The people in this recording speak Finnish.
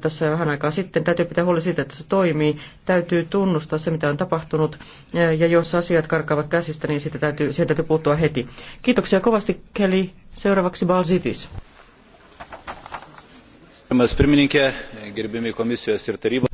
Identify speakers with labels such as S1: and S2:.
S1: tässä vähän aikaa sitten. Täytyy pitää huoli siitä, että se toimii. Täytyy tunnustaa se, mitä on tapahtunut. Ja jos asiat karkaavat käsistä, niin siitä täytyy, siihen täytyy puuttua heti. Kiitoksia kovasti,
S2: Kelly Seuraavaksi Balsitis.
S3: Pirmininkė,
S4: gerbimi komisijos ir tarybos.